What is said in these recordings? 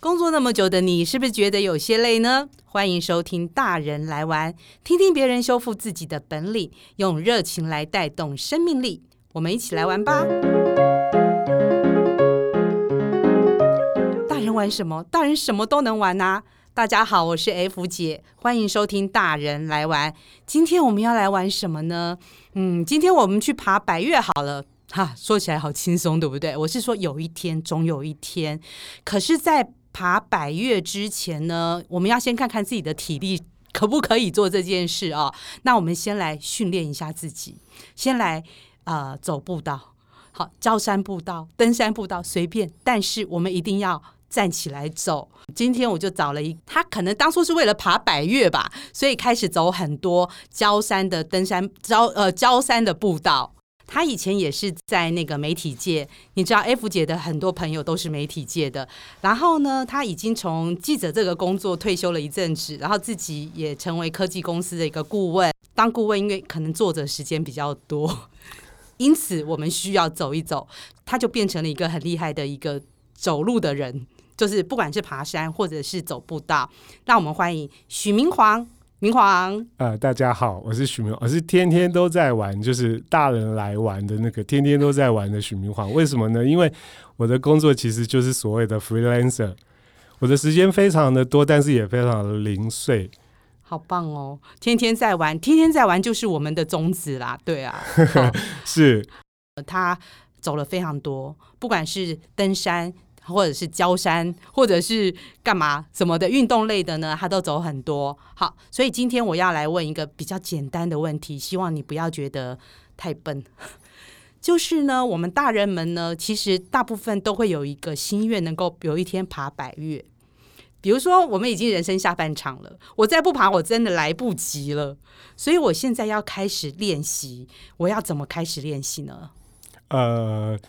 工作那麼久的你，是不是覺得有些累呢？歡迎收聽《大人來玩》，聽聽別人修復自己的本領，用熱情來帶動生命力。我們一起來玩吧！ 大人玩什麼？大人什麼都能玩吶、啊！大家好，我是 F 姐，歡迎收聽《大人來玩》。今天我們要來玩什麼呢？嗯，今天我們去爬百岳好了。哈、啊，說起來好輕鬆，對不對？我是說有一天，總有一天。可是，在爬百岳之前呢，我們要先看看自己的體力可不可以做這件事啊。那我們先來訓練一下自己，先來呃走步道，好，郊山步道、登山步道隨便，但是我們一定要站起來走。今天我就找了一，他可能當初是為了爬百岳吧，所以開始走很多郊山的登山、郊呃郊山的步道。他以前也是在那個媒體界，你知道 F 姐的很多朋友都是媒體界的。然後呢，他已經從記者這個工作退休了一陣子，然後自己也成為科技公司的一個顧問，當顧問因為可能坐着時間比較多，因此我們需要走一走，他就變成了一個很厲害的一個走路的人，就是不管是爬山或者是走步道，那我們歡迎許明煌。明皇，呃，大家好，我是許明，我是天天都在玩，就是大人來玩的那個天天都在玩的許明皇。為什麼呢？因為我的工作其實就是所謂的 freelancer，我的時間非常的多，但是也非常的零碎。好棒哦，天天在玩，天天在玩，就是我們的宗旨啦。對啊， 哦、是。他走了非常多，不管是登山。或者是郊山，或者是幹嘛什麼的運動類的呢？他都走很多。好，所以今天我要來問一個比較簡單的問題，希望你不要覺得太笨。 就是呢，我們大人們呢，其實大部分都會有一個心願，能夠有一天爬百岳。比如說，我們已經人生下半場了，我再不爬，我真的來不及了。所以我現在要開始練習，我要怎麼開始練習呢？呃、uh...。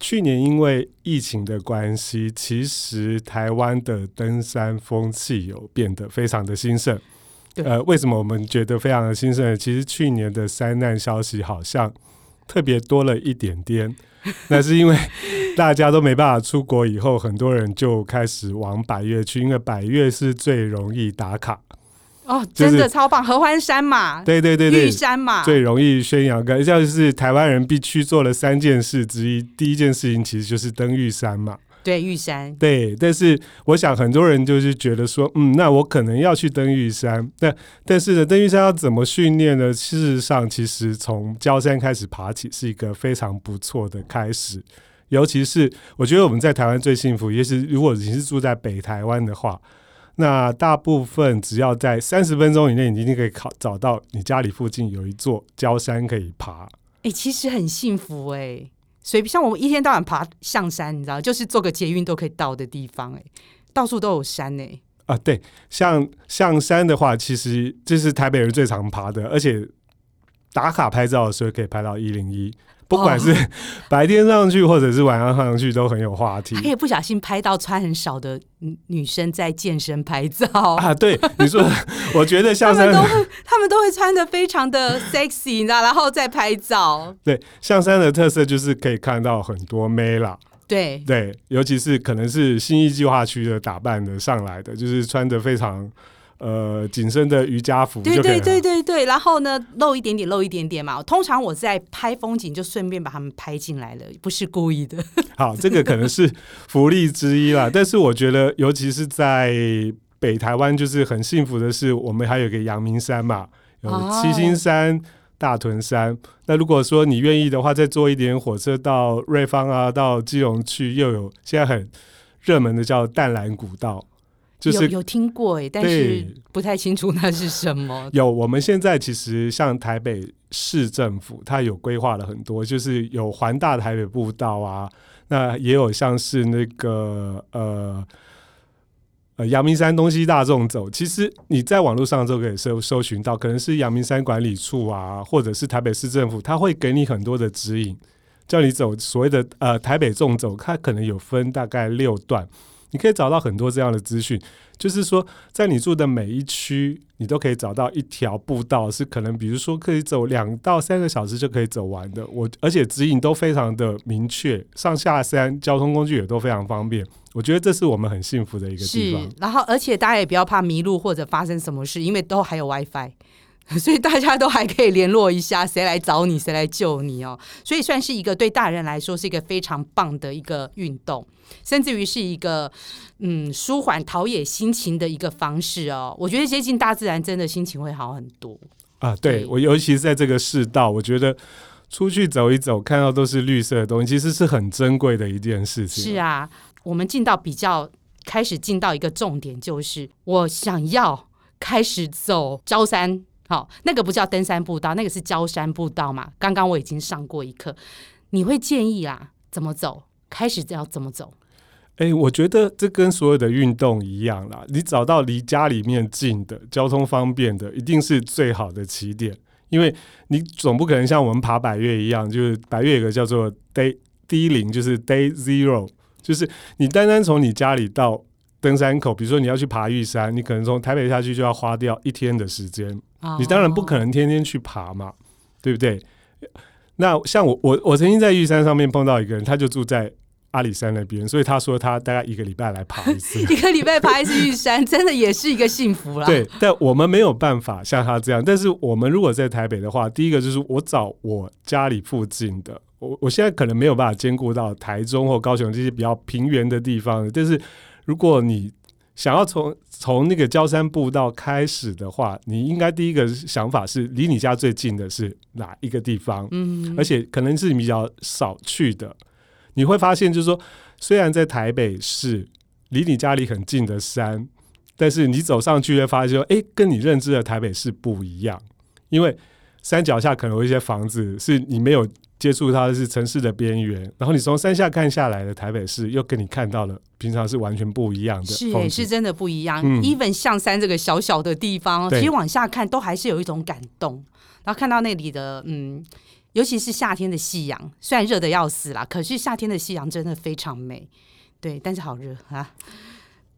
去年因為疫情的關係，其實台灣的登山風氣有變得非常的興盛。呃，為什麼我們覺得非常的興盛？其實去年的山難消息好像特別多了一點點。那是因為大家都沒辦法出國，以後 很多人就開始往百岳去，因為百岳是最容易打卡。哦、oh，真的，就是，超棒！合歡山嘛，對對對，對，對玉山嘛，最容易宣揚。感覺像是台灣人必須做了三件事之一。第一件事情其實就是登玉山嘛，對玉山。對，但是我想很多人就是覺得說，嗯，那我可能要去登玉山，但但是呢，登玉山要怎麼訓練呢？事實上，其實從郊山開始爬起是一個非常不錯的開始。尤其是我覺得我們在台灣最幸福，也許如果你是住在北台灣的話。那大部分只要在三十分鐘以內，你一定可以考找到你家裡附近有一座郊山可以爬。哎、欸，其實很幸福哎、欸，所以像我一天到晚爬象山，你知道，就是坐個捷運都可以到的地方哎、欸，到處都有山哎、欸。啊，對，像象山的話，其實這是台北人最常爬的，而且打卡拍照的時候可以拍到一零一。不管是白天上去或者是晚上上去都很有話題，可、哦、以不小心拍到穿很少的女生在健身拍照啊！對，你說， 我覺得象山他都會，他們都會穿得非常的 sexy，你知道，然後再拍照。對，象山的特色就是可以看到很多妹啦。對對，尤其是可能是信義計劃區的打扮的上來的，就是穿得非常。呃，緊身的瑜伽服對對對對對，然後呢，露一點點，露一點點嘛。通常我在拍風景，就順便把他們拍進來了，不是故意的。 好，這個可能是福利之一啦。 但是我覺得，尤其是在北台灣，就是很幸福的是，我們還有個陽明山嘛，有七星山、Oh. 大屯山。那如果說你願意的話，再坐一點火車到瑞芳啊，到基隆去，又有現在很熱門的叫淡蘭古道。就是、有有聽過哎，但是不太清楚那是什麼。有，我們現在其實像台北市政府，它有規劃了很多，就是有環大台北步道啊，那也有像是那個呃呃陽明山東西大縱走。其實你在網絡上都可以搜搜尋到，可能是陽明山管理處啊，或者是台北市政府，它會給你很多的指引，叫你走所謂的呃台北縱走，它可能有分大概六段。你可以找到很多這樣的資訊，就是說，在你住的每一區，你都可以找到一條步道，是可能比如說可以走兩到三個小時就可以走完的。我而且指引都非常的明確，上下山交通工具也都非常方便。我覺得這是我們很幸福的一個地方。然後，而且大家也不要怕迷路或者發生什麼事，因為都還有 WiFi，所以大家都還可以聯絡一下，誰來找你，誰來救你哦。所以算是一個對大人來說是一個非常棒的一個運動。甚至於是一個嗯舒緩陶冶心情的一個方式哦，我覺得接近大自然真的心情會好很多啊！對,對我，尤其是在這個世道，我覺得出去走一走，看到都是綠色的東西，其實是很珍貴的一件事情。是啊，我們進到比較開始進到一個重點，就是我想要開始走郊山，好、哦，那個不叫登山步道，那個是郊山步道嘛。剛剛我已經上過一課，你會建議啦、啊，怎麼走？開始要怎麼走？誒、欸，我覺得這跟所有的運動一樣啦。你找到離家裡面近的、交通方便的，一定是最好的起點。因為你總不可能像我們爬百岳一樣，就是百岳有個叫做 day D 零，就是 day zero，就是你單單從你家裡到登山口，比如說你要去爬玉山，你可能從台北下去就要花掉一天的時間、哦哦。你當然不可能天天去爬嘛，對不對？那像我我我曾經在玉山上面碰到一個人，他就住在阿里山那邊，所以他說他大概一個禮拜來爬一次， 一個禮拜爬一次玉山， 真的也是一個幸福啦。對，但我們沒有辦法像他這樣，但是我們如果在台北的話，第一個就是我找我家裡附近的，我我現在可能沒有辦法兼顧到台中或高雄這些比較平原的地方，但是如果你想要從從那個郊山步道開始的話，你應該第一個想法是，離你家最近的是哪一個地方？嗯，嗯，而且可能是你比較少去的。你會發現，就是說，雖然在台北市離你家裡很近的山，但是你走上去會發現說，誒、欸，跟你認知的台北市不一樣，因為山腳下可能有一些房子是你沒有。接觸它是城市的邊緣，然後你從山下看下來的台北市，又跟你看到的平常是完全不一樣的。是是真的不一樣。嗯、Even 象山這個小小的地方對，其實往下看都還是有一種感動。然後看到那裡的嗯，尤其是夏天的夕陽，雖然熱得要死了，可是夏天的夕陽真的非常美。對，但是好熱啊。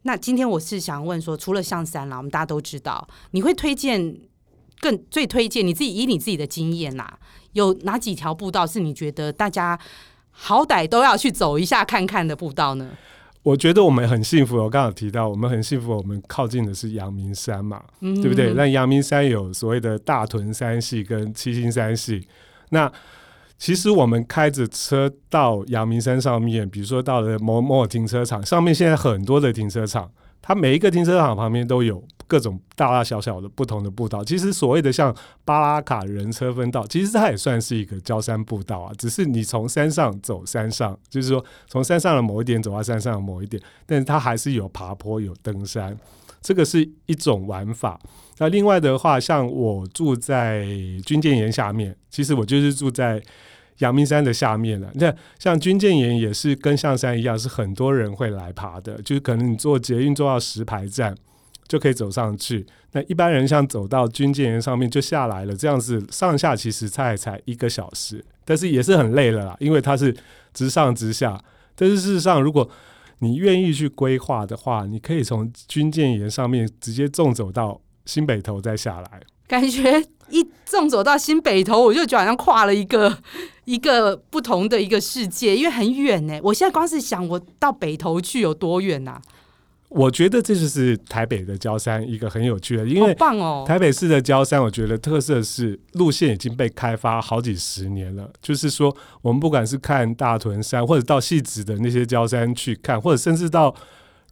那今天我是想問說，除了象山啦，我們大家都知道，你會推薦更最推薦你自己以你自己的經驗啦。有哪幾條步道是你覺得大家好歹都要去走一下看看的步道呢？我覺得我們很幸福，我剛剛有提到，我們很幸福，我們靠近的是陽明山嘛，嗯嗯，對不對？那陽明山有所謂的大屯山系跟七星山系。那其實我們開着車到陽明山上面，比如說到了某某停車場上面，現在很多的停車場，它每一個停車場旁邊都有。各種大大小小的不同的步道，其實所謂的像巴拉卡人車分道，其實它也算是一個郊山步道啊。只是你從山上走山上，就是說從山上的某一點走到山上的某一點，但是它還是有爬坡、有登山，這個是一種玩法。那另外的話，像我住在軍艦岩下面，其實我就是住在陽明山的下面了。那像軍艦岩也是跟象山一樣，是很多人會來爬的，就是可能你坐捷運坐到石牌站。就可以走上去。那一般人像走到軍艦岩上面就下來了，這樣子上下其實才才一個小時，但是也是很累了啦，因為它是直上直下。但是事實上，如果你願意去規劃的話，你可以從軍艦岩上面直接縱走到新北投，再下來。感覺一縱走到新北投，我就就好像跨了一個一個不同的一個世界，因為很遠呢、欸。我現在光是想，我到北投去有多遠吶、啊？我覺得這就是台北的郊山一個很有趣的，因為台北市的郊山，我覺得特色是路線已經被開發好幾十年了。就是說，我們不管是看大屯山，或者到汐止的那些郊山去看，或者甚至到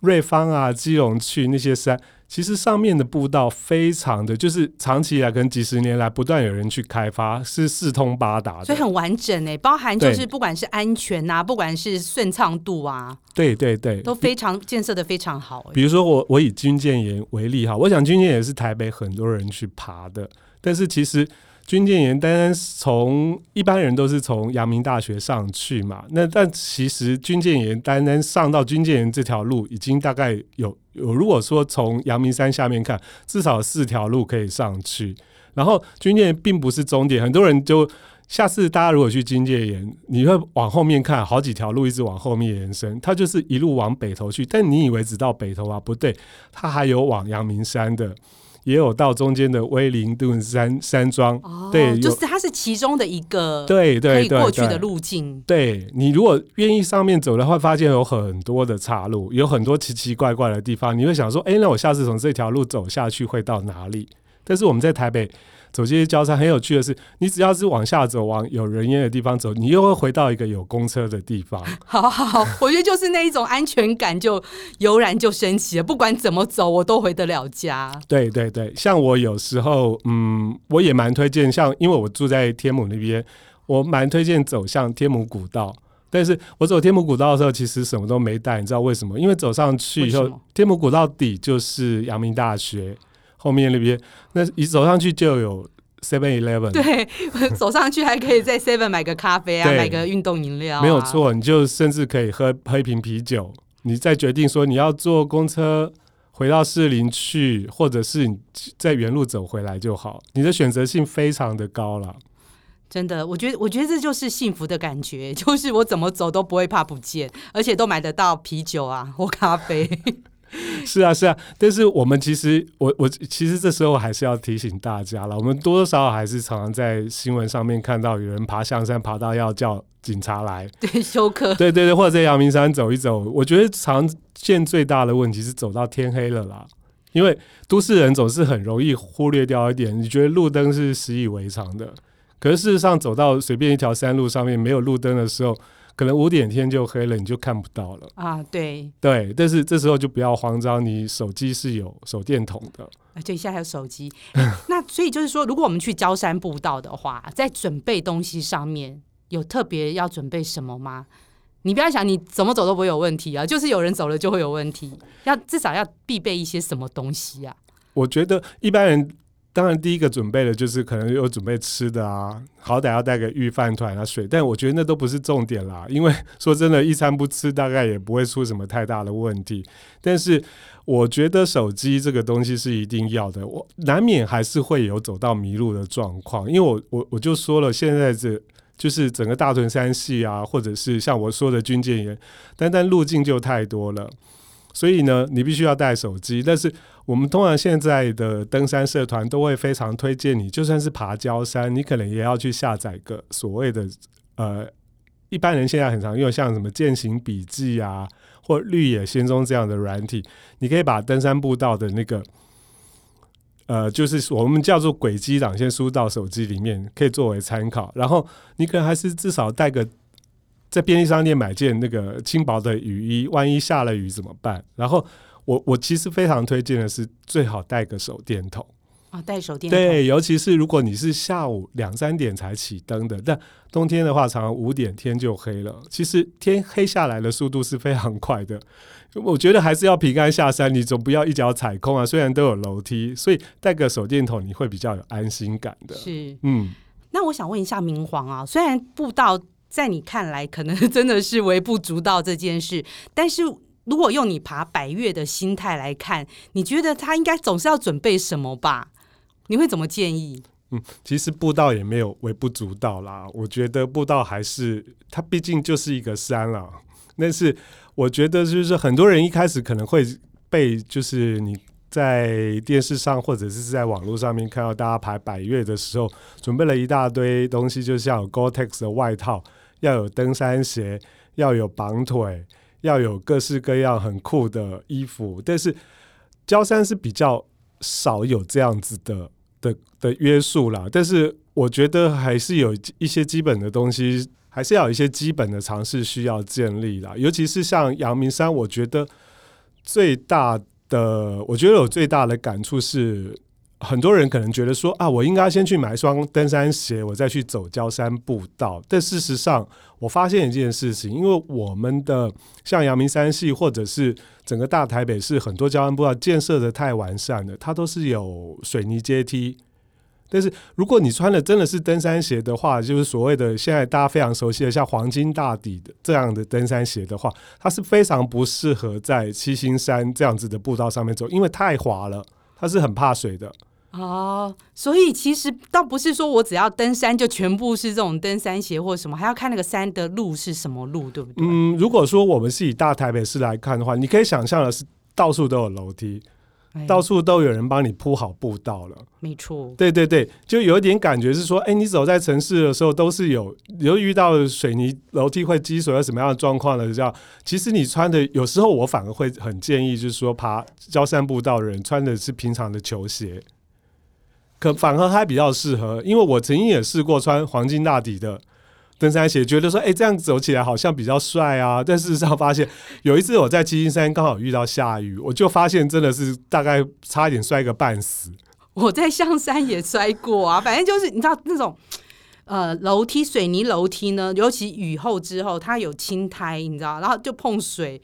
瑞芳啊、基隆去那些山。其實上面的步道非常的，就是長期以來跟幾十年來不斷有人去開發，是四通八達，所以很完整、欸、包含就是不管是安全吶、啊，不管是順暢度啊，對對對，都非常建設的非常好、欸。比如說我我以軍艦岩為例哈，我想軍艦岩是台北很多人去爬的，但是其實軍艦岩單單從一般人都是從陽明大學上去嘛，那但其實軍艦岩單單上到軍艦岩這條路已經大概有有，如果說從陽明山下面看，至少四條路可以上去。然後軍艦並不是終點，很多人就下次大家如果去軍艦岩，你會往後面看好幾條路一直往後面延伸，它就是一路往北投去。但你以為只到北投啊？不對，它還有往陽明山的。也有到中間的威靈頓山山莊。哦對，就是它是其中的一個對對可以過去的路徑。對，對，對，對，對你如果願意上面走的話，發現有很多的岔路，有很多奇奇怪怪的地方，你會想說，哎、欸，那我下次從這條路走下去會到哪裡？但是我們在台北走這些郊山，很有趣的是，你只要是往下走，往有人煙的地方走，你又會回到一個有公車的地方。好，好，好，我覺得就是那一種安全感就 油然就升起了，不管怎麼走，我都回得了家。對，對，對。像我有時候，嗯，我也蠻推薦，像因為我住在天母那邊，我蠻推薦走向天母古道。但是，我走天母古道的時候，其實什麼都沒帶，你知道為什麼？因為走上去以後，天母古道底就是陽明大學。後面那邊，那一走上去就有 Seven Eleven。對，走上去還可以在 Seven 買個咖啡啊， 買個運動飲料啊。沒有錯，你就甚至可以喝喝一瓶啤酒。你再決定說你要坐公車回到士林去，或者是你在原路走回來就好。你的選擇性非常的高了，真的。我覺得，我覺得這就是幸福的感覺，就是我怎麼走都不會怕不見，而且都買得到啤酒啊或咖啡。 是啊，是啊，但是我們其實，我我其實這時候還是要提醒大家了，我們多多少少還是常常在新聞上面看到有人爬象山，爬到要叫警察來，對，休克，對對對，或者在陽明山走一走，我覺得常見最大的問題是走到天黑了啦，因為都市人總是很容易忽略掉一點，你覺得路燈是習以為常的，可是事實上走到隨便一條山路上面沒有路燈的時候，可能五點天就黑了，你就看不到了。啊，對，對，但是這時候就不要慌張，你手機是有手電筒的。啊，對，現在還有手機。 那所以就是說，如果我們去郊山步道的話，在準備東西上面有特別要準備什麼嗎？你不要想你怎麼走都不會有問題啊，就是有人走了就會有問題。要至少要必備一些什麼東西啊？我覺得一般人。當然，第一個準備的就是可能有準備吃的啊，好歹要帶個御飯糰啊、水。但我覺得那都不是重點啦，因為說真的，一餐不吃大概也不會出什麼太大的問題。但是，我覺得手機這個東西是一定要的，我難免還是會有走到迷路的狀況。因為我我我就說了，現在這就是整個大屯山系啊，或者是像我說的軍艦岩，單單路徑就太多了，所以呢，你必須要帶手機。但是我們通常現在的登山社團都會非常推薦你，就算是爬郊山，你可能也要去下載個所謂的呃，一般人現在很常用，像什麼“健行筆記”啊，或“綠野仙蹤”這樣的軟體。你可以把登山步道的那個，呃，就是我們叫做軌跡檔，先輸到手機裡面，可以作為參考。然後你可能還是至少帶個，在便利商店買件那個輕薄的雨衣，萬一下了雨怎麼辦？然後。我我其實非常推薦的是，最好帶個手電筒啊，帶手電筒對，尤其是如果你是下午兩三點才起燈的，那冬天的話，常常五點天就黑了。其實天黑下來的速度是非常快的，我覺得還是要平安下山，你總不要一腳踩空啊。雖然都有樓梯，所以帶個手電筒你會比較有安心感的。是，嗯，那我想問一下明皇啊，雖然步道在你看來可能真的是微不足道這件事，但是。如果用你爬百岳的心態來看，你覺得他應該總是要準備什麼吧？你會怎麼建議？嗯，其實步道也沒有微不足道啦。我覺得步道還是它畢竟就是一個山了。但是我覺得就是很多人一開始可能會被，就是你在電視上或者是在網絡上面看到大家爬百岳的時候，準備了一大堆東西，就像有 Gore-Tex 的外套，要有登山鞋，要有綁腿。要有各式各樣很酷的衣服，但是郊山是比較少有這樣子的的的約束啦。但是我覺得還是有一些基本的東西，還是要有一些基本的常識，需要建立啦。尤其是像陽明山，我覺得最大的，我覺得我最大的感觸是。很多人可能覺得說啊，我應該先去買一雙登山鞋，我再去走郊山步道。但事實上，我發現一件事情，因為我們的像陽明山系或者是整個大台北市，很多郊山步道建設的太完善了，它都是有水泥階梯。但是如果你穿的真的是登山鞋的話，就是所謂的現在大家非常熟悉的像黃金大底的這樣的登山鞋的話，它是非常不適合在七星山這樣子的步道上面走，因為太滑了。他是很怕水的哦，所以其實倒不是說我只要登山就全部是這種登山鞋或什麼，還要看那個山的路是什麼路，對不對？嗯，如果說我們是以大台北市來看的話，你可以想象的是到處都有樓梯。到處都有人幫你鋪好步道了，沒錯，對對對，就有一點感覺是說，哎、欸，你走在城市的時候，都是有有遇到水泥樓梯會積水或什麼樣的狀況了，這樣其實你穿的有時候我反而會很建議，就是說爬郊山步道的人穿的是平常的球鞋，可反而還比較適合，因為我曾經也試過穿黃金大底的。登山鞋，覺得說，誒、欸、這樣走起來好像比較帥啊。但事實上，發現有一次我在七星山剛好遇到下雨，我就發現真的是大概差一點摔個半死。我在香山也摔過啊， 反正就是你知道那種，呃，樓梯水泥樓梯呢，尤其雨後之後，它有青苔，你知道，然後就碰水。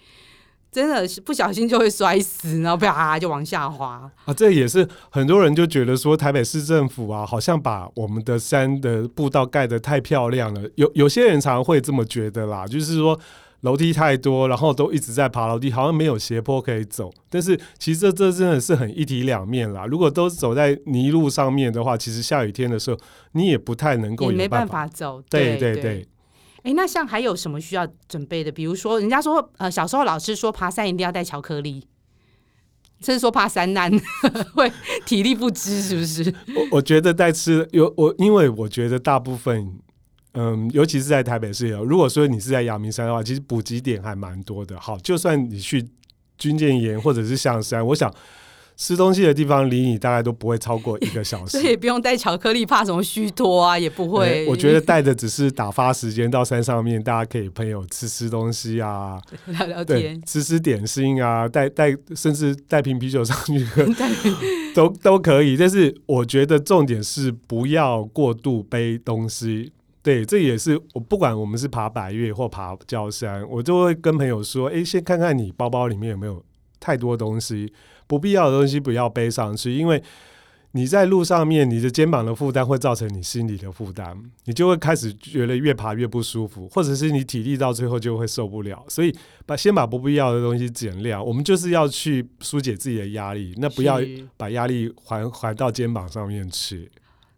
真的是不小心就會摔死，然後啪就往下滑啊！這也是很多人就覺得說，台北市政府啊，好像把我們的山的步道蓋得太漂亮了。有有些人常會這麼覺得啦，就是說樓梯太多，然後都一直在爬樓梯，好像沒有斜坡可以走。但是其實這這真的是很一體兩面啦。如果都走在泥路上面的話，其實下雨天的時候，你也不太能夠有辦沒辦法走。對對，對對。對哎，那像還有什麼需要準備的？比如說，人家說，呃，小時候老師說爬山一定要帶巧克力，甚至說爬山難會體力不支，是不是？我我覺得帶吃有我，因為我覺得大部分，嗯，尤其是在台北市有。如果說你是在陽明山的話，其實補給點還蠻多的。好，就算你去軍艦岩或者是象山，我想。吃東西的地方離你大概都不會超過一個小時，所以不用帶巧克力，怕什麼虛脫啊，也不會。欸、我覺得帶的只是打發時間，到山上面大家可以朋友吃吃東西啊，聊聊天，吃吃點心啊，帶帶甚至帶瓶啤酒上去喝，都都可以。但是我覺得重點是不要過度背東西，對，這也是我不管我們是爬百岳或爬郊山，我就會跟朋友說，哎、欸，先看看你包包裡面有沒有太多東西。不必要的東西不要背上去，因為你在路上面，你的肩膀，的負擔會造成你心理的負擔，你就會開始覺得越爬越不舒服，或者是你體力到最後就會受不了。所以把先把不必要的東西減量，我們就是要去疏解自己的壓力，那不要把壓力還還到肩膀上面去。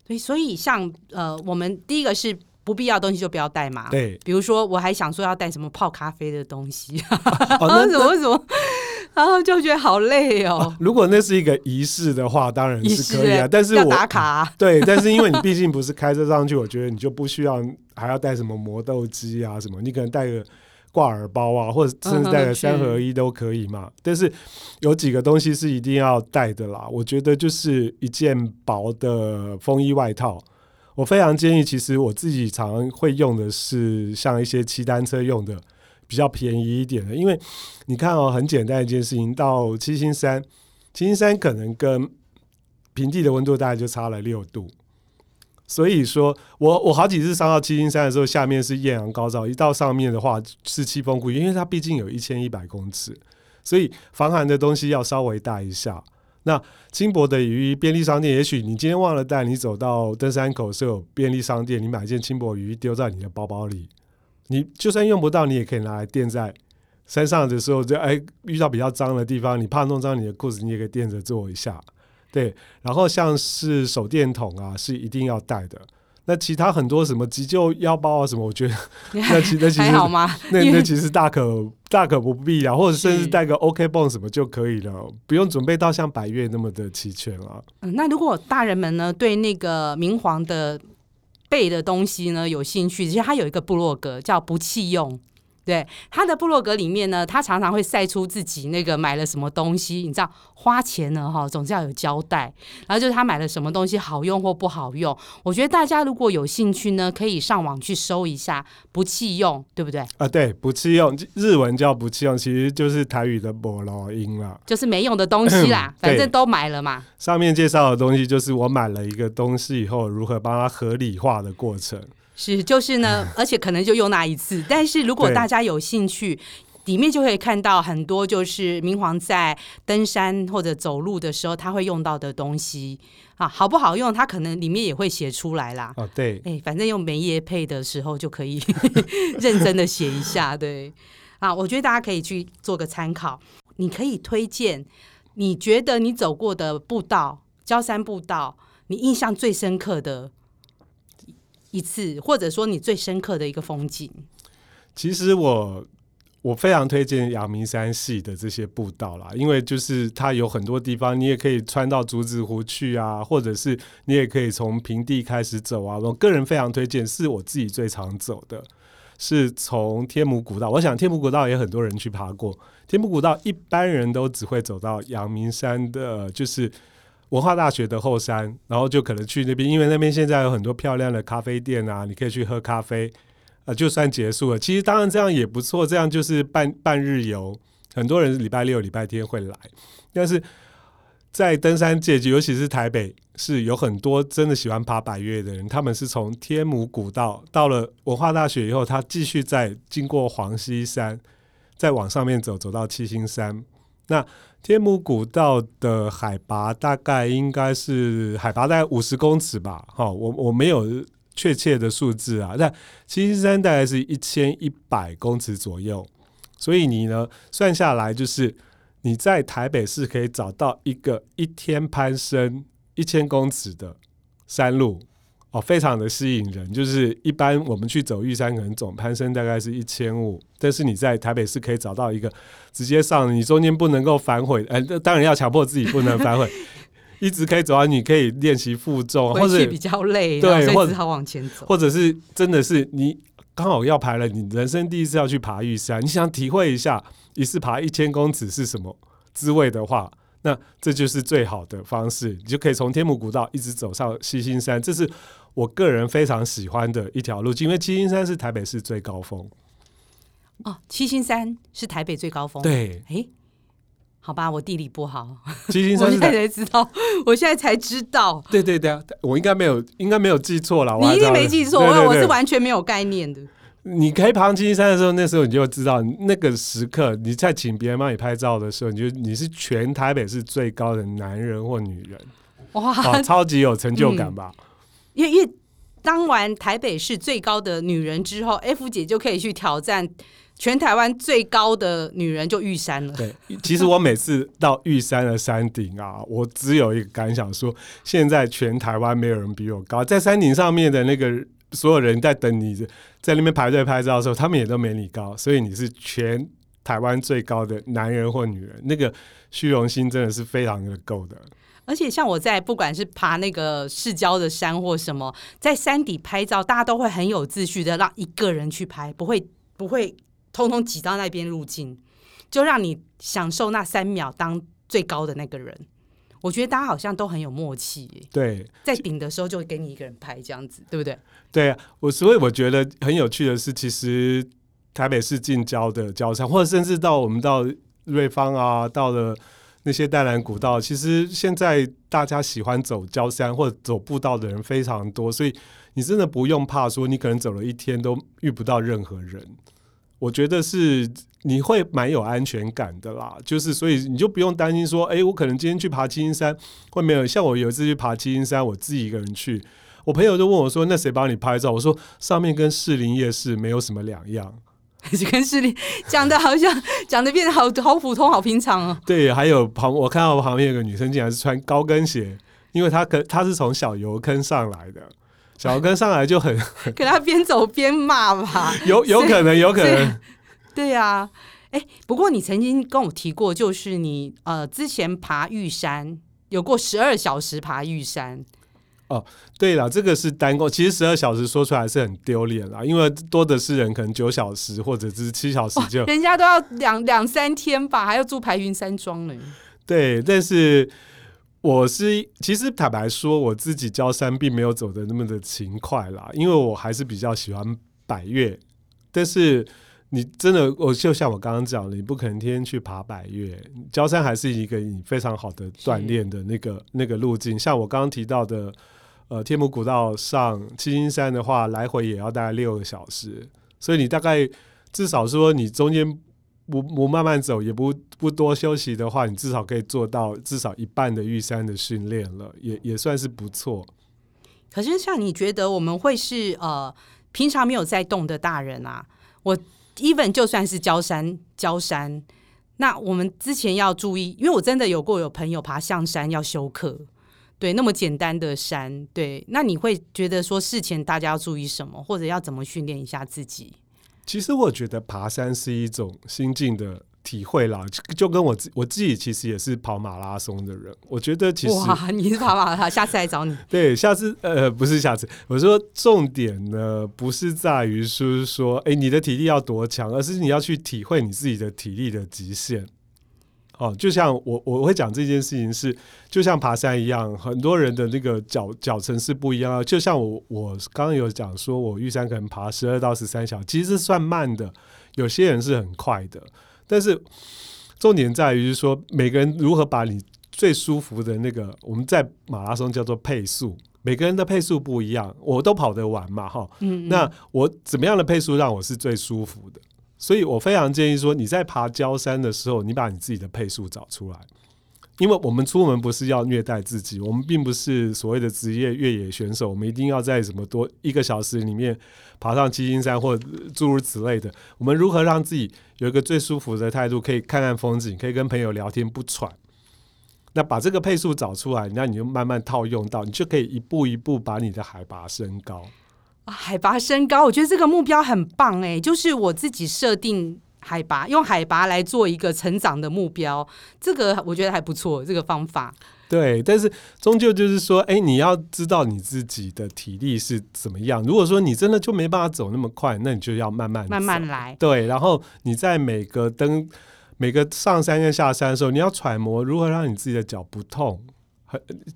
對，所以像呃，我們第一個是不必要的東西就不要帶嘛。對，比如說我還想說要帶什麼泡咖啡的東西，什麼什麼什麼。 然後就覺得好累哦、啊。如果那是一個儀式的話，當然是可以啊。但是我要打卡、啊嗯。對，但是因為你畢竟不是開車上去， 我覺得你就不需要還要帶什麼磨豆機啊什麼。你可能帶個掛耳包啊，或者甚至帶個三合一都可以嘛。嗯、那個、但是有幾個東西是一定要帶的啦。我覺得就是一件薄的風衣外套，我非常建議。其實我自己常，常會用的是像一些騎單車用的。比較便宜一點的，因為你看哦，很簡單一件事情，到七星山，七星山可能跟平地的溫度大概就差了六度，所以說我，我我好幾次上到七星山的時候，下面是豔陽高照，一到上面的話，是濕氣豐富，因為它畢竟有一千一百公尺，所以防寒的東西要稍微帶一下。那輕薄的雨衣，便利商店也許你今天忘了帶，你走到登山口是有便利商店，你買一件輕薄雨衣丟在你的包包裡。你就算用不到，你也可以拿來墊在山上的時候，就哎，遇到比較髒的地方，你怕弄髒你的褲子，你也可以墊着坐一下，對。然後像是手電筒啊，是一定要帶的。那其他很多什麼急救腰包啊什麼，我覺得 那其實還好嗎？那那其實大可大可不必啊，或者甚至帶個 OK 繃什麼就可以了，不用準備到像百岳那麼的齊全了。啊。嗯，那如果大人們呢，對那個明黃的。背的東西呢有興趣，其實他有一個部落格，叫不器用。對，他的部落格裡面呢，他常常會曬出自己那個買了什麼東西，你知道花錢了哈、哦，總是要有交代。然後就是他買了什麼東西好用或不好用，我覺得大家如果有興趣呢，可以上網去搜一下“不棄用”，對不對？啊，對，不棄用日文叫“不棄用”，其實就是台語的“布洛音”了，就是沒用的東西啦， 反正都買了嘛。上面介紹的東西就是我買了一個東西以後，如何幫它合理化的過程。是，就是呢， 而且可能就用那一次。但是如果大家有興趣，裡面就可以看到很多，就是明皇在登山或者走路的時候，他會用到的東西啊，好不好用，他可能裡面也會寫出來啦。哦、oh,，對，哎，反正用沒業配的時候就可以 認真的寫一下，對，啊，我覺得大家可以去做個參考。你可以推薦你覺得你走過的步道，郊山步道，你印象最深刻的。一次，或者說你最深刻的一個風景。其實我我非常推薦陽明山系的這些步道啦，因為就是它有很多地方，你也可以穿到竹子湖去啊，或者是你也可以從平地開始走啊。我個人非常推薦，是我自己最常走的，是從天母古道。我想天母古道也很多人去爬過，天母古道一般人都只會走到陽明山的，就是。文化大學的後山，然後就可能去那邊，因為那邊現在有很多漂亮的咖啡店啊，你可以去喝咖啡，啊、呃，就算結束了。其實當然這樣也不錯，這樣就是半半日遊。很多人禮拜六、禮拜天會來，但是在登山界，尤其是台北，是有很多真的喜歡爬百岳的人。他們是從天母古道到了文化大學以後，他繼續再經過黃溪山，再往上面走，走到七星山。那天母古道的海拔大概應該是海拔大概五十公尺吧，哈、哦，我我沒有確切的數字啊。那七星山大概是一千一百公尺左右，所以你呢算下來就是你在台北市可以找到一個一天攀升一千公尺的山路。哦，非常的吸引人。就是一般我們去走玉山，可能總攀升大概是一千五，但是你在台北市可以找到一個直接上，你中間不能夠反悔，哎、呃，當然要強迫自己不能反悔， 一直可以走啊，你可以練習負重， 或是比較累，對，或只好往前走或，或者是真的是你剛好要爬了，你人生第一次要去爬玉山，你想體會一下一次爬一千公尺是什麼滋味的話，那這就是最好的方式，你就可以從天母古道一直走上七星山，這是。我個人非常喜歡的一條路徑，因為七星山是台北市最高峰。哦，七星山是台北最高峰。對，哎、欸，好吧，我地理不好。七星山是才知道， 我現在才知道。對對對啊，我應該沒有，應該沒有記錯了。你一定沒記錯，我對對對，我是完全沒有概念的。對對對，你可以爬七星山的時候，那時候你就知道，那個時刻你在請別人幫你拍照的時候，你就你是全台北市最高的男人或女人。哇，哦、超級有成就感吧？嗯因為因為當完台北市最高的女人之後，F 姐就可以去挑戰全台灣最高的女人，就玉山了。對，其實我每次到玉山的山頂啊，我只有一個感想：說現在全台灣沒有人比我高。在山頂上面的那個所有人在等你，在那邊排隊拍照的時候，他們也都沒你高，所以你是全台灣最高的男人或女人。那個虛榮心真的是非常的夠的。而且像我在不管是爬那個市郊的山或什麼，在山底拍照，大家都會很有秩序的，讓一個人去拍，不會不會通通擠到那邊入鏡，就讓你享受那三秒當最高的那個人。我覺得大家好像都很有默契耶。對，在頂的時候就會給你一個人拍這樣子，對不對？對啊，我所以我覺得很有趣的是，其實台北市近郊的郊山，或者甚至到我們到瑞芳啊，到了。那些淡蘭古道，其實現在大家喜歡走郊山或者走步道的人非常多，所以你真的不用怕說，你可能走了一天都遇不到任何人。我覺得是你會蠻有安全感的啦，就是所以你就不用擔心說，哎、欸，我可能今天去爬七星山會沒有。像我有一次去爬七星山，我自己一個人去，我朋友就問我說，那誰幫你拍照？我說上面跟士林夜市沒有什麼兩樣。還是跟視力講的好像講的變得好好普通好平常哦。對，還有旁我看到旁邊有個女生，竟然是穿高跟鞋，因為她可她是從小油坑上來的，小油坑上來就很。跟她邊走邊罵吧。有有可能，有可能。可能對呀、啊，哎、欸，不過你曾經跟我提過，就是你呃之前爬玉山，有過十二小時爬玉山。哦，對了，這個是單攻。其實十二小時說出來是很丟臉啦，因為多的是人，可能九小時或者是七小時就，人家都要兩兩三天吧，還要住排雲山莊呢。對，但是我是其實坦白說，我自己郊山並沒有走得那麼的勤快啦，因為我還是比較喜歡百岳。但是你真的，我就像我剛剛講的，你不可能天天去爬百岳。郊山還是一個你非常好的鍛鍊的那個那個路徑，像我剛剛提到的。呃，天母古道上，七星山的話，來回也要大概六個小時，所以你大概至少說，你中間不不慢慢走，也不不多休息的話，你至少可以做到至少一半的玉山的訓練了，也也算是不錯。可是，像你覺得我們會是呃平常沒有在動的大人啊？我一 n 就算是焦山焦山，那我們之前要注意，因為我真的有過有朋友爬象山要休克。對，那麼簡單的山，對，那你會覺得說事前大家要注意什麼，或者要怎麼訓練一下自己？其實我覺得爬山是一種心境的體會啦，就跟我自我自己其實也是跑馬拉松的人，我覺得其實哇，你是跑馬拉松，下次來找你。 對，下次，呃，不是下次，我說重點呢不是在於是說哎、欸、你的體力要多強，而是你要去體會你自己的體力的極限。哦，就像我我會講這件事情是，就像爬山一樣，很多人的那個腳腳程是不一樣啊。就像我我剛剛有講說，我玉山可能爬十二到十三小時，其實算慢的，有些人是很快的。但是重點在於是說，每個人如何把你最舒服的那個，我們在馬拉松叫做配速，每個人的配速不一樣，我都跑得完嘛，哈。嗯，嗯。那我怎麼樣的配速讓我是最舒服的？所以我非常建議說，你在爬郊山的時候，你把你自己的配速找出來，因為我們出門不是要虐待自己，我們並不是所謂的職業越野選手，我們一定要在什麼多一個小時裡面爬上七星山或諸如此類的。我們如何讓自己有一個最舒服的態度，可以看看風景，可以跟朋友聊天不喘？那把這個配速找出來，那你就慢慢套用到，你就可以一步一步把你的海拔升高。哦，海拔升高，我覺得這個目標很棒哎，就是我自己設定海拔，用海拔來做一個成長的目標，這個我覺得還不錯，這個方法。對，但是終究就是說，哎、欸，你要知道你自己的體力是怎麼樣。如果說你真的就沒辦法走那麼快，那你就要慢慢慢慢來。對，然後你在每個登每個上山跟下山的時候，你要揣摩如何讓你自己的腳不痛。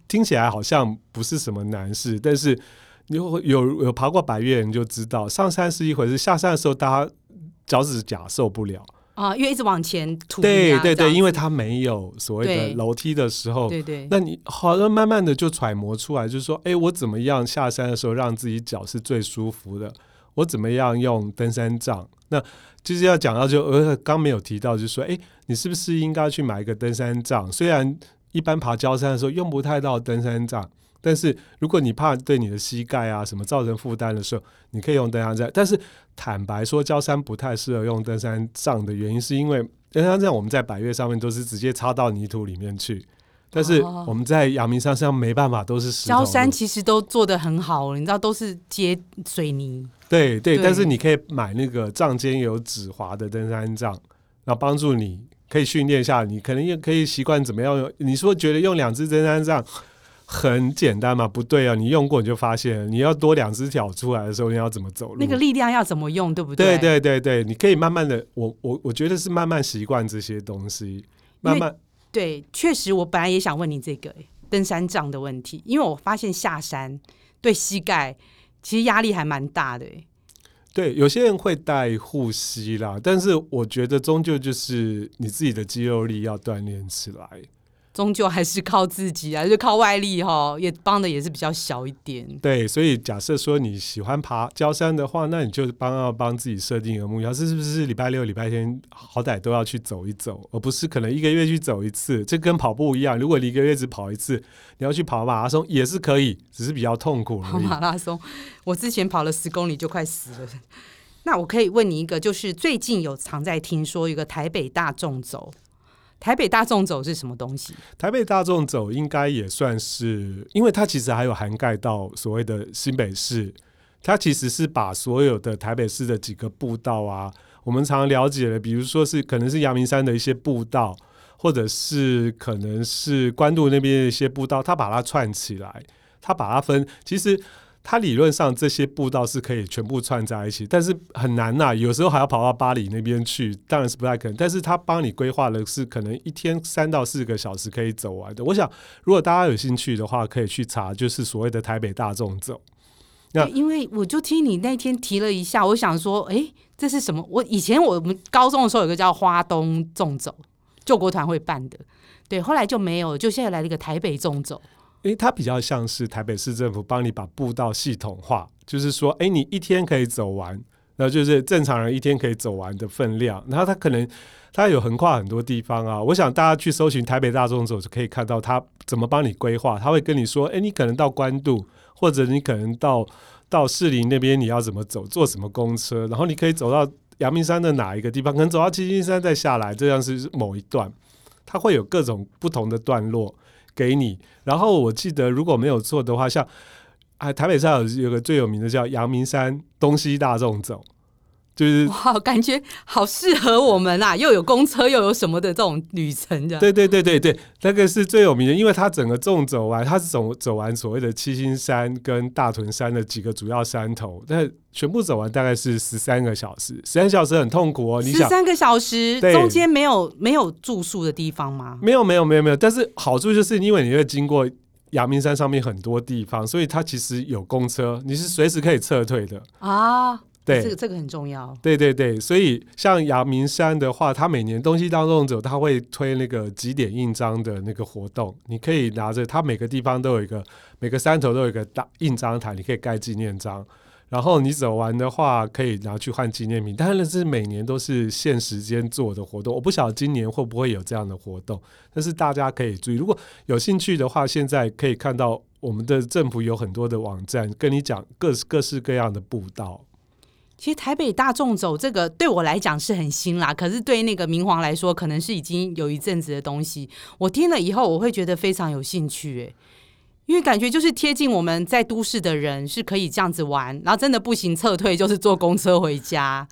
聽起來好像不是什麼難事，但是。有有有爬過百岳你就知道，上山是一回事，下山的時候大家腳趾甲受不了啊，因為一直往前凸、啊。對對對，因為它沒有所謂的樓梯的時候。對對、對。那你好像慢慢的就揣摩出來，就是說，哎、欸，我怎麼樣下山的時候讓自己腳是最舒服的？我怎麼樣用登山杖？那其實、就是、要講到就呃剛沒有提到，就是說，哎、欸，你是不是應該去買一個登山杖？雖然一般爬郊山的時候用不太到登山杖。但是如果你怕對你的膝蓋啊什麼造成負擔的時候，你可以用登山杖。但是坦白說，焦山不太適合用登山杖的原因，是因為登山杖我們在百越上面都是直接插到泥土裡面去。但是我們在陽明山上沒辦法，都是石頭、啊。焦山其實都做的很好，你知道都是接水泥。對對，對，但是你可以買那個杖尖有指滑的登山杖，然後幫助你可以訓練一下，你可能也可以習慣怎麼樣用。你說覺得用兩只登山杖？很簡單嘛？不對啊！你用過你就發現，你要多兩隻腳出來的時候，你要怎麼走路？那個力量要怎麼用，對不對？對對對對，你可以慢慢的，我我我覺得是慢慢習慣這些東西，慢慢對，確實，我本來也想問你這個登山杖的問題，因為我發現下山對膝蓋其實壓力還蠻大的。對，有些人會帶護膝啦，但是我覺得終究就是你自己的肌肉力要鍛鍊起來。終究還是靠自己啊，就靠外力哈，也幫的也是比較小一點。對，所以假設說你喜歡爬郊山的話，那你就幫要幫自己設定一個目標，是不是禮拜六、禮拜天好歹都要去走一走，而不是可能一個月去走一次。這跟跑步一樣，如果你一個月只跑一次，你要去跑馬拉松也是可以，只是比較痛苦而已。馬拉松，我之前跑了十公里就快死了。那我可以問你一個，就是最近有常在聽說一個台北大縱走。台北大縱走是什麼東西？台北大縱走應該也算是，因為它其實還有涵蓋到所謂的新北市，它其實是把所有的台北市的幾個步道啊，我們常了解的，比如說是可能是陽明山的一些步道，或者是可能是關渡那邊的一些步道，它把它串起來，它把它分，其實。它理論上這些步道是可以全部串在一起，但是很難吶、啊，有時候還要跑到巴黎那邊去，當然是不太可能。但是它幫你規劃了，是可能一天三到四個小時可以走完的。我想，如果大家有興趣的話，可以去查，就是所謂的台北大縱走。那因為我就聽你那天提了一下，我想說，哎、欸，這是什麼？我以前我們高中的時候有個叫花東縱走，救國團會辦的，對，後來就沒有，就現在來了一個台北縱走。誒，它比較像是台北市政府幫你把步道系統化，就是說，誒，你一天可以走完，然後就是正常人一天可以走完的分量。然後它可能它有橫跨很多地方啊。我想大家去搜尋台北大縱走就可以看到它怎麼幫你規劃。它會跟你說，誒，你可能到關渡，或者你可能到到士林那邊你要怎麼走，坐什麼公車，然後你可以走到陽明山的哪一個地方，可能走到七星山再下來，這樣是某一段，它會有各種不同的段落。給你。然後我記得，如果沒有錯的話，像，啊，台北上有有個最有名的叫陽明山，東西大眾走。就是哇，感覺好適合我們啊！又有公車，又有什麼的這種旅程這樣。對對對對對，那個是最有名的，因為它整個縱走完，它是走走完所謂的七星山跟大屯山的幾個主要山頭，但全部走完大概是十三個小時，十三小時很痛苦哦，你想。十三個小時，中間沒有沒有住宿的地方嗎？沒有沒有沒有沒有，但是好處就是因為你會經過陽明山上面很多地方，所以它其實有公車，你是隨時可以撤退的啊。對，這個這個很重要。對對對，所以像陽明山的話，他每年東西當中走，他會推那個集點印章的那個活動，你可以拿着，他每個地方都有一個，每個山頭都有一個大印章台，你可以蓋紀念章，然後你走完的話，可以拿去換紀念品。但是每年都是限時間做的活動，我不曉得今年會不會有這樣的活動，但是大家可以注意，如果有興趣的話，現在可以看到我們的政府有很多的網站跟你講各各式各樣的步道。其實台北大縱走，這個對我來講是很新啦，可是對那個明皇來說，可能是已經有一陣子的東西。我聽了以後，我會覺得非常有興趣，哎，因為感覺就是貼近我們在都市的人是可以這樣子玩，然後真的步行撤退就是坐公車回家，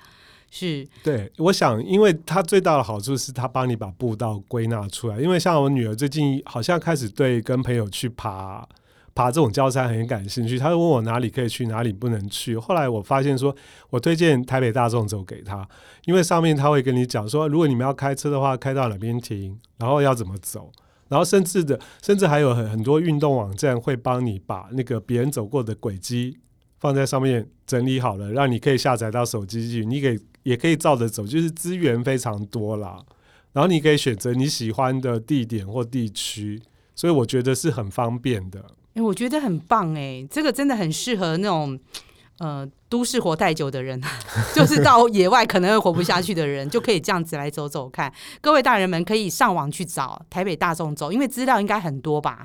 是。對，我想，因為他最大的好處是他幫你把步道歸納出來，因為像我女兒最近好像開始對跟朋友去爬。爬這種郊山很感興趣，他就問我哪裡可以去，哪裡不能去。後來我發現說，我推薦台北大縱走給他，因為上面他會跟你講說，如果你們要開車的話，開到哪邊停，然後要怎麼走，然後甚至的，甚至還有很很多運動網站會幫你把那個別人走過的軌跡放在上面整理好了，讓你可以下載到手機去，你給也可以照着走，就是資源非常多啦。然後你可以選擇你喜歡的地點或地區，所以我覺得是很方便的。欸、我覺得很棒哎、欸，這個真的很適合那種，呃，都市活太久的人， 就是到野外可能會活不下去的人， 就可以這樣子來走走看。各位大人們可以上網去找台北大縱走，因為資料應該很多吧？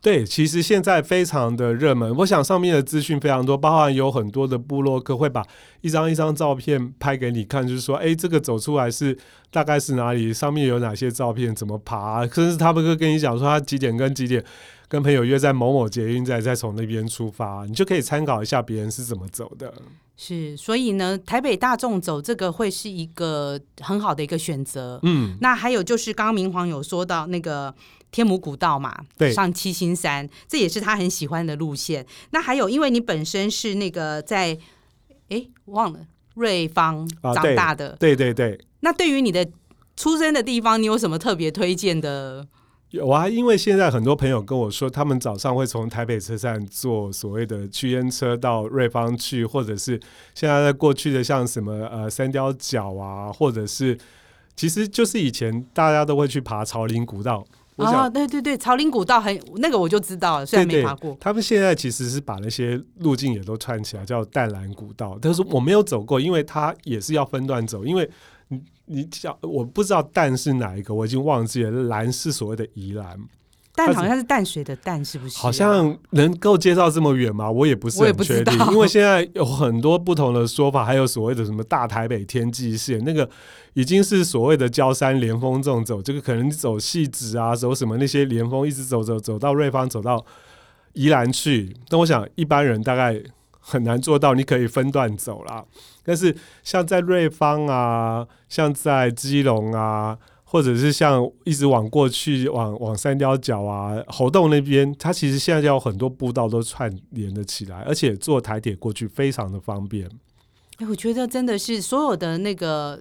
對，其實現在非常的熱門，我想上面的資訊非常多，包含有很多的部落客會把一張一張照片拍給你看，就是說，哎、欸，這個走出來是大概是哪裡？上面有哪些照片？怎麼爬、啊？甚至他們會跟你講說，他幾點跟幾點。跟朋友約在某某捷運站，再從那邊出發，你就可以參考一下別人是怎麼走的。是，所以呢，台北大縱走這個會是一個很好的一個選擇。嗯，那還有就是剛剛明皇有說到那個天母古道嘛，對，上七星山，這也是他很喜歡的路線。那還有，因為你本身是那個在哎、欸、忘了瑞芳長大的、啊對，對對對。那對於你的出生的地方，你有什麼特別推薦的？有啊，因為現在很多朋友跟我說，他們早上會從台北車站坐所謂的區間車到瑞芳去，或者是現在在過去的像什麼呃三貂角啊，或者是其實就是以前大家都會去爬草嶺古道。我想啊，對對對，草嶺古道很那個，我就知道了，雖然沒爬過。對對對，他們現在其實是把那些路徑也都串起來叫淡蘭古道，但是我沒有走過，因為它也是要分段走，因為。你想我不知道，淡是哪一個？我已經忘記了。蘭是所謂的宜蘭，但好像是淡水的淡，是不是啊？好像能夠接到這麼遠嗎？我也不是很確定，因為現在有很多不同的說法，還有所謂的什麼大台北天際線，那個已經是所謂的郊山連峰這種走，這個可能走汐止啊，走什麼那些連峰一直走走走到瑞芳，走到宜蘭去。但我想一般人大概。很難做到，你可以分段走啦。但是像在瑞芳啊，像在基隆啊，或者是像一直往過去往，往往三貂角啊、猴洞那邊，它其實現在就有很多步道都串聯得起來，而且坐台鐵過去非常的方便。哎、欸，我覺得真的是所有的那個。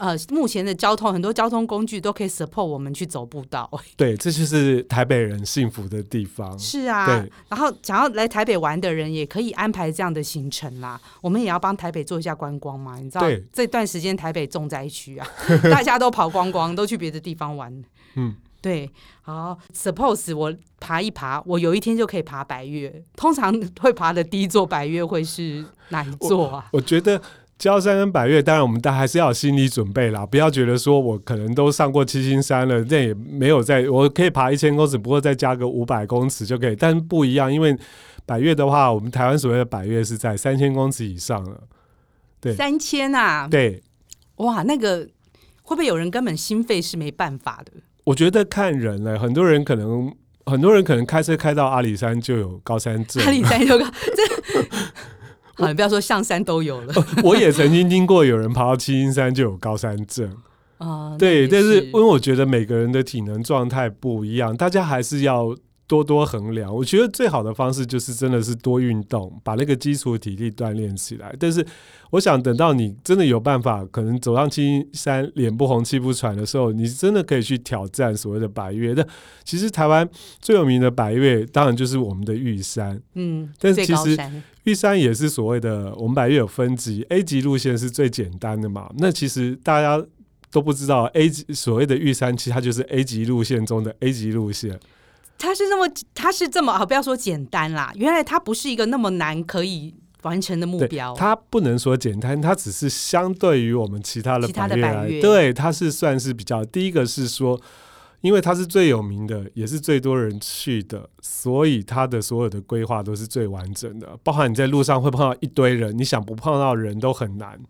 呃，目前的交通很多交通工具都可以 support 我們去走步道。對，這就是台北人幸福的地方。是啊，然後想要來台北玩的人也可以安排這樣的行程啦。我們也要幫台北做一下觀光嘛，你知道對這段時間台北重災區啊， 大家都跑光光， 都去別的地方玩。嗯，對。好、哦、suppose 我爬一爬，我有一天就可以爬百岳。通常會爬的第一座百岳會是哪一座啊？我，我覺得。郊山跟百岳，當然我們都還是要有心理準備啦，不要覺得說我可能都上過七星山了，那也沒有在，我可以爬一千公尺，不過再加個五百公尺就可以。但是不一樣，因為百岳的話，我們台灣所謂的百岳是在三千公尺以上了。對，三千啊。對，哇，那個會不會有人根本心肺是沒辦法的？我覺得看人嘞，很多人可能，很多人可能開車開到阿里山就有高山症，阿里山就高 啊，好，不要說象山都有了我。我也曾經聽過有人爬到七星山就有高山症啊、 嗯。對，但是因為我覺得每個人的體能狀態不一樣，大家還是要多多衡量。我覺得最好的方式就是真的是多運動，把那個基礎體力鍛鍊起來。但是我想等到你真的有辦法，可能走上七星山臉不紅氣不喘的時候，你真的可以去挑戰所謂的百岳。但其實台灣最有名的百岳當然就是我們的玉山。嗯，但是其實。玉山也是所謂的我們百岳有分級，A 級路線是最簡單的嘛？那其實大家都不知道 A 級所謂的玉山，其實它就是 A 級路線中的 A 級路線。它是這麼，它是這麼啊，不要說簡單啦，原來它不是一個那麼難可以完成的目標。它不能說簡單，它只是相對於我們其他的百岳來，其他的百岳來講，對，它是算是比較第一個是說。因為它是最有名的，也是最多人去的，所以它的所有的規劃都是最完整的。包含你在路上會碰到一堆人，你想不碰到人都很難。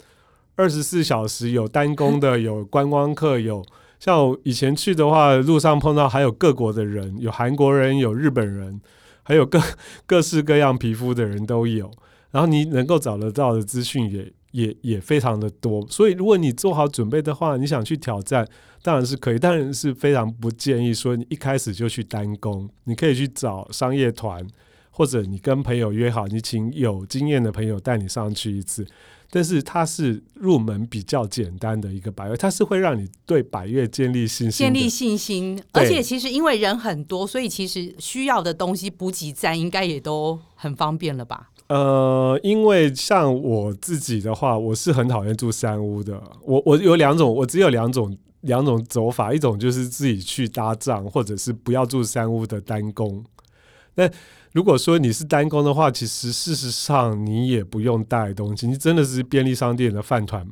二十四小時有單攻的，有觀光客，有像我以前去的話，路上碰到還有各國的人，有韓國人，有日本人，還有各各式各樣皮膚的人都有。然後你能夠找得到的資訊也也也非常的多，所以如果你做好準備的話，你想去挑戰當然是可以，當然是非常不建議說你一開始就去單攻。你可以去找商業團，或者你跟朋友約好，你請有經驗的朋友帶你上去一次。但是它是入門比較簡單的一個百岳，它是會讓你對百岳建、建立信心。建立信心，而且其實因為人很多，所以其實需要的東西補給站應該也都很方便了吧。呃，因為像我自己的話，我是很討厭住山屋的。我我有兩種，我只有兩種兩種走法。一種就是自己去搭帳，或者是不要住山屋的單攻。那如果說你是單攻的話，其實事實上你也不用帶東西，你真的是便利商店的飯糰。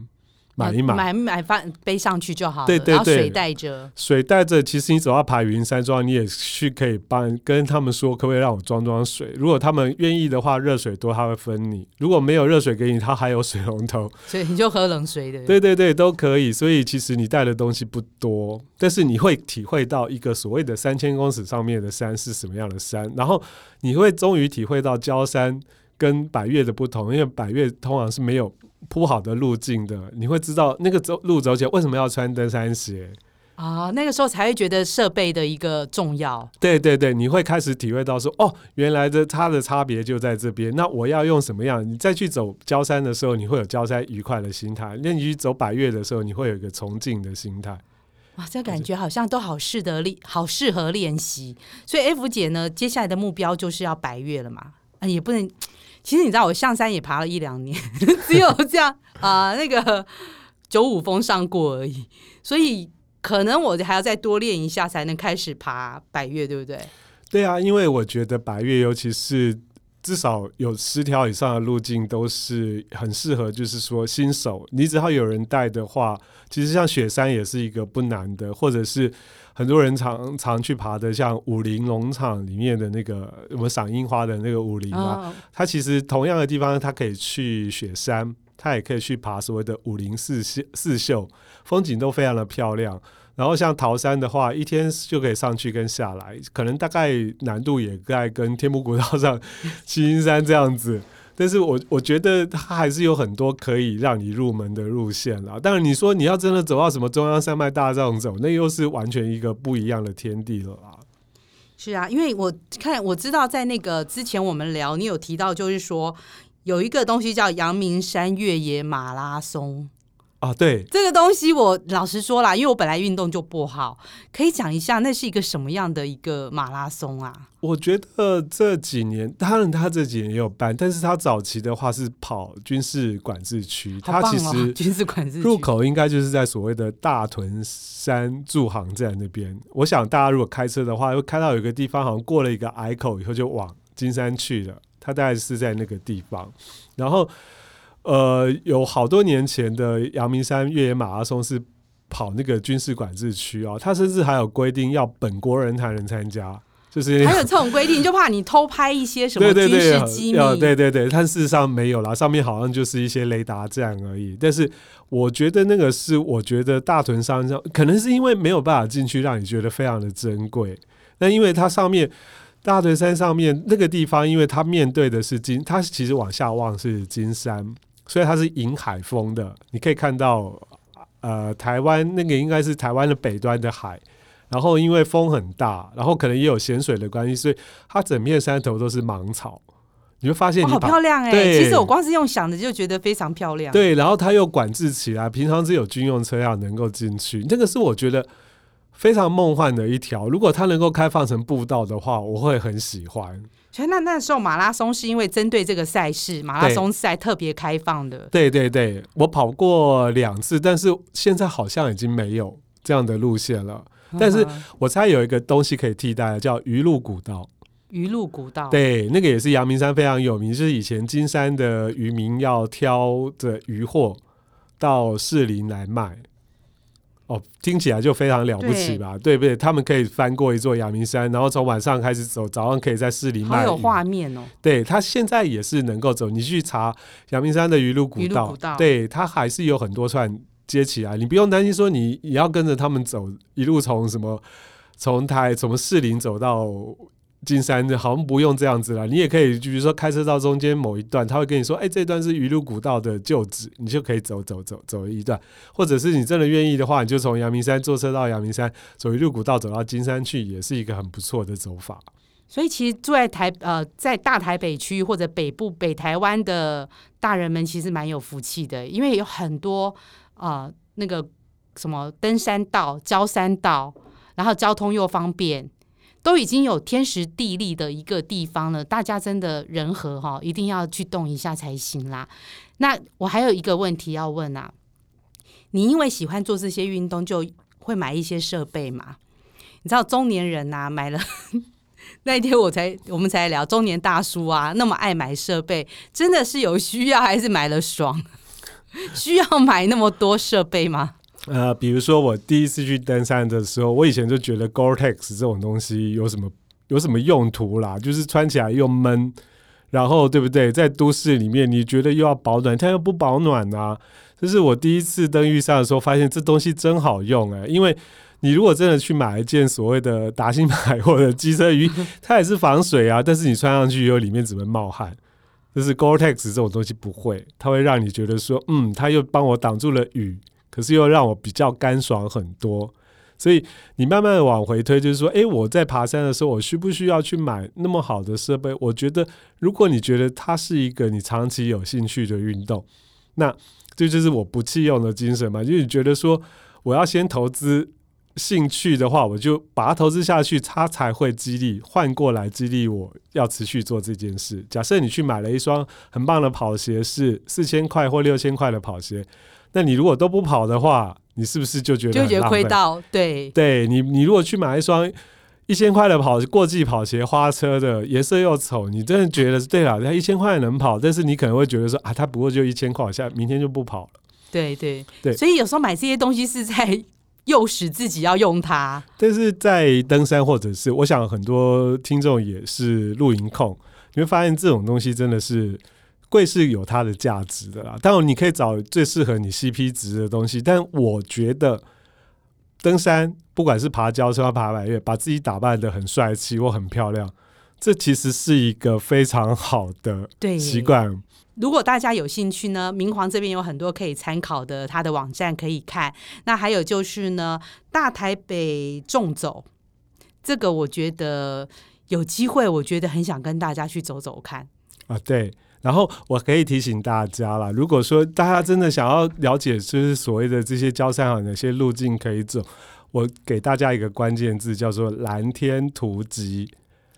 買一買，買買飯背上去就好了。對對對，水帶着，水帶着。其實你只要排雲山莊，你也是可以幫跟他們說，可不可以讓我裝裝水？如果他們願意的話，熱水多，他會分你；如果沒有熱水給你，他還有水龍頭，所以你就喝冷水的。對對對，都可以。所以其實你帶的東西不多，但是你會體會到一個所謂的三千公尺上面的山是什麼樣的山，然後你會終於體會到郊山跟百岳的不同，因為百岳通常是沒有。鋪好的路徑的，你會知道那個走路走起來為什麼要穿登山鞋啊，那個時候才會覺得設備的一個重要。對對對，你會開始體會到說，哦，原來的它的差別就在這邊。那我要用什麼樣？你再去走郊山的時候，你會有郊山愉快的心態；那你去走百岳的時候，你會有一個崇敬的心態。哇、啊，這感覺好像都好適合練，好適合練習。所以 F 姐呢，接下來的目標就是要百岳了嘛？啊，也不能。其實你知道，我象山也爬了一兩年，只有這樣啊、 呃，那個九五峰上過而已。所以可能我還要再多練一下，才能開始爬百岳對不對？對啊，因為我覺得百岳，尤其是至少有十條以上的路徑，都是很適合，就是說新手，你只要有人帶的話，其實像雪山也是一個不難的，或者是。很多人常常去爬的，像武陵農場裡面的那個我們賞櫻花的那個武陵啊，哦哦，它，其實同樣的地方，它可以去雪山，它也可以去爬所謂的武陵四秀，四秀風景都非常的漂亮。然後像桃山的話，一天就可以上去跟下來，可能大概難度也在跟天母古道上七星山這樣子。但是我我覺得它還是有很多可以讓你入門的路線啦。當然，你說你要真的走到什麼中央山脈大縱走，那又是完全一個不一樣的天地了啦。是啊，因為我看我知道在那個之前我們聊，你有提到就是說有一個東西叫陽明山越野馬拉松。啊，對這個東西，我老實說啦，因為我本來運動就不好，可以講一下那是一個什麼樣的一個馬拉松啊？我覺得這幾年，當然他這幾年也有辦，但是他早期的話是跑軍事管制區，嗯、他其實軍事管制入口應該就是在所謂的大屯山助航站那邊。我想大家如果開車的話，又開到有一個地方，好像過了一個隘口以後就往金山去了，他大概是在那個地方，然後。呃，有好多年前的陽明山越野馬拉松是跑那個軍事管制區哦、啊，他甚至還有規定要本國人才能參加，就是還有這種規定， 就怕你偷拍一些什麼軍事機密。對對對、呃呃，對對對。但事實上沒有啦。上面好像就是一些雷達這樣而已。但是我覺得那個是，我覺得大屯山上可能是因為沒有辦法進去，讓你覺得非常的珍貴。那因為它上面大屯山上面那個地方，因為它面對的是金，它其實往下望是金山。所以它是迎海風的，你可以看到，呃，台灣那個應該是台灣的北端的海，然後因為風很大，然後可能也有鹹水的關係，所以它整片山頭都是芒草。你會發現你，哦，好漂亮哎，欸！其實我光是用想的就覺得非常漂亮。對，然後它又管制起來，平常只有軍用車輛能夠進去。這、那個是我覺得非常夢幻的一條，如果它能夠開放成步道的話，我會很喜歡。其實那那時候馬拉松是因為針對這個賽事，馬拉松賽特別開放的。對對對，我跑過兩次，但是現在好像已經沒有這樣的路線了。嗯，但是我猜有一個東西可以替代的，叫魚路古道。魚路古道，對，那個也是陽明山非常有名，就是以前金山的漁民要挑着魚貨到士林來賣。哦，聽起來就非常了不起吧？對，對不對？他們可以翻過一座陽明山，然後從晚上開始走，早上可以在士林賣。好有畫面哦！對，他現在也是能夠走，你去查陽明山的魚路古、古道，對，他還是有很多串接起來，你不用擔心說你也要跟着他們走，一路從什麼從台從士林走到金山的好像不用這樣子啦，你也可以，比如說開車到中間某一段，他會跟你說，哎、欸，這一段是魚路古道的舊址，你就可以走走走走一段，或者是你真的願意的話，你就從陽明山坐車到陽明山，走魚路古道走到金山去，也是一個很不錯的走法。所以其實住在台，呃在大台北區或者北部北台灣的大人們其實蠻有福氣的，因為有很多啊、呃、那個什麼登山道、郊山道，然後交通又方便。都已經有天時地利的一個地方了，大家真的人和哈，一定要去動一下才行啦。那我還有一個問題要問啊，你因為喜歡做這些運動，就會買一些設備嗎？你知道中年人吶、啊，買了呵呵，那一天我才我們才聊中年大叔啊，那麼愛買設備，真的是有需要還是買了爽？需要買那麼多設備嗎？呃，比如說我第一次去登山的時候，我以前就覺得 Gore-Tex 這種東西有什麼有什麼用途啦？就是穿起來又悶，然後對不對？在都市裡面，你覺得又要保暖，它又不保暖啊！這是我第一次登玉山的時候，發現這東西真好用誒、欸。因為你如果真的去買一件所謂的達新牌或者機車衣， 它也是防水啊，但是你穿上去以後裡面只會冒汗。就是 Gore-Tex 這種東西不會，它會讓你覺得說，嗯，它又幫我擋住了雨。可是又讓我比較乾爽很多，所以你慢慢的往回推，就是說，哎，我在爬山的時候，我需不需要去買那麼好的設備？我覺得，如果你覺得它是一個你長期有興趣的運動，那這就是我不棄用的精神嘛。因為你覺得說，我要先投資興趣的話，我就把它投資下去，它才會激勵換過來激勵我要持續做這件事。假設你去買了一雙很棒的跑鞋，是四千塊或六千塊的跑鞋。那你如果都不跑的話，你是不是就覺得虧到？對，對你，你如果去買一雙一千塊的跑過季跑鞋，花車的顏色又醜，你真的覺得是對了。它一千塊能跑，但是你可能會覺得說啊，它不過就一千塊，下明天就不跑了。對對對，所以有時候買這些東西是在誘使自己要用它。但是在登山，或者是我想很多聽眾也是露營控，你會發現這種東西真的是。會是有它的價值的啦，當然你可以找最適合你 CP 值的東西。但我覺得登山，不管是爬郊山、爬百岳，把自己打扮得很帥氣或很漂亮，這其實是一個非常好的習慣。如果大家有興趣呢，明皇這邊有很多可以參考的，他的網站可以看。那還有就是呢，大台北縱走，這個我覺得有機會，我覺得很想跟大家去走走看。啊，對。然後我可以提醒大家啦，如果說大家真的想要了解，就是所謂的這些郊山啊，哪些路徑可以走，我給大家一個關鍵字，叫做藍、啊“藍天圖集”。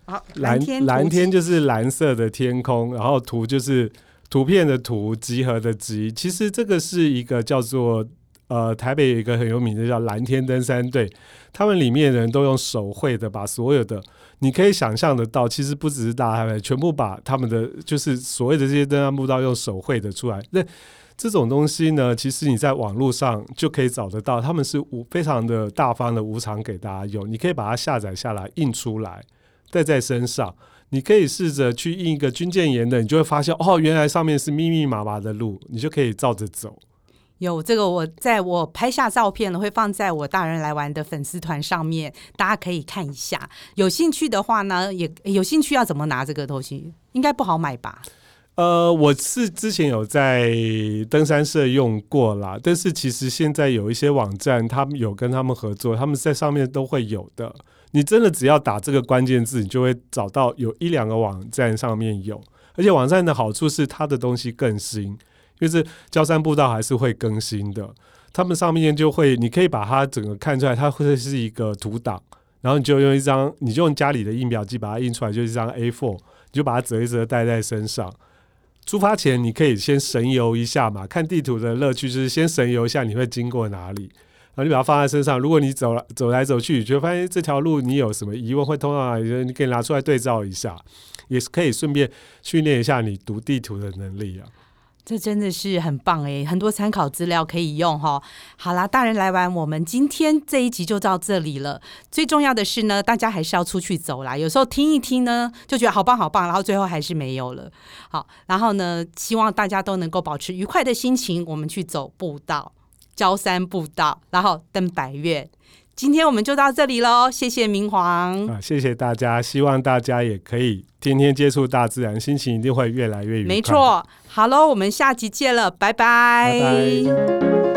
好，藍，藍天就是藍色的天空，然後，圖就是圖片的圖，集合的集。其實這個是一個叫做呃台北有一個很有名的叫藍天登山隊，他們裡面的人都用手繪的把所有的。你可以想象得到，其實不只是大海，全部把他們的就是所謂的這些登山步道用手繪的出來。那這種東西呢，其實你在網絡上就可以找得到。他們是無非常的大方的無償給大家用，你可以把它下載下來印出來帶在身上。你可以試着去印一個軍艦岩的，你就會發現哦，原來上面是密密麻麻的路，你就可以照着走。有這個，我在我拍下照片了，會放在我大人來玩的粉絲團上面，大家可以看一下。有興趣的話呢，也有興趣要怎麼拿這個東西，應該不好買吧？呃，我是之前有在登山社用過啦，但是其實現在有一些網站，他們有跟他們合作，他們在上面都會有的。你真的只要打這個關鍵字，你就會找到有一兩個網站上面有，而且網站的好處是它的東西更新。就是郊山步道還是會更新的，他們上面就會，你可以把它整個看出來，它會是一個圖檔，然後你就用一張，你就用家裡的印表機把它印出來，就是一張 A4，你就把它折一折，帶在身上。出發前你可以先神遊一下嘛，看地圖的樂趣就是先神遊一下，你會經過哪裡，然後你把它放在身上。如果你走了走來走去，你就發現這條路你有什麼疑問會通到哪裡，你可以拿出來對照一下，也是可以順便訓練一下你讀地圖的能力啊。這真的是很棒哎，很多參考資料可以用哈、哦。好啦，大人來玩，我們今天這一集就到這裡了。最重要的是呢，大家還是要出去走啦。有時候聽一聽呢，就覺得好棒好棒，然後最後還是沒有了。好，然後呢，希望大家都能夠保持愉快的心情，我們去走步道、郊山步道，然後登百岳。今天我們就到這裡嘍，謝謝明皇。啊，謝謝大家，希望大家也可以天天接觸大自然，心情一定會越來越愉快。沒錯，好嘍，我們下集見了，拜拜。拜拜。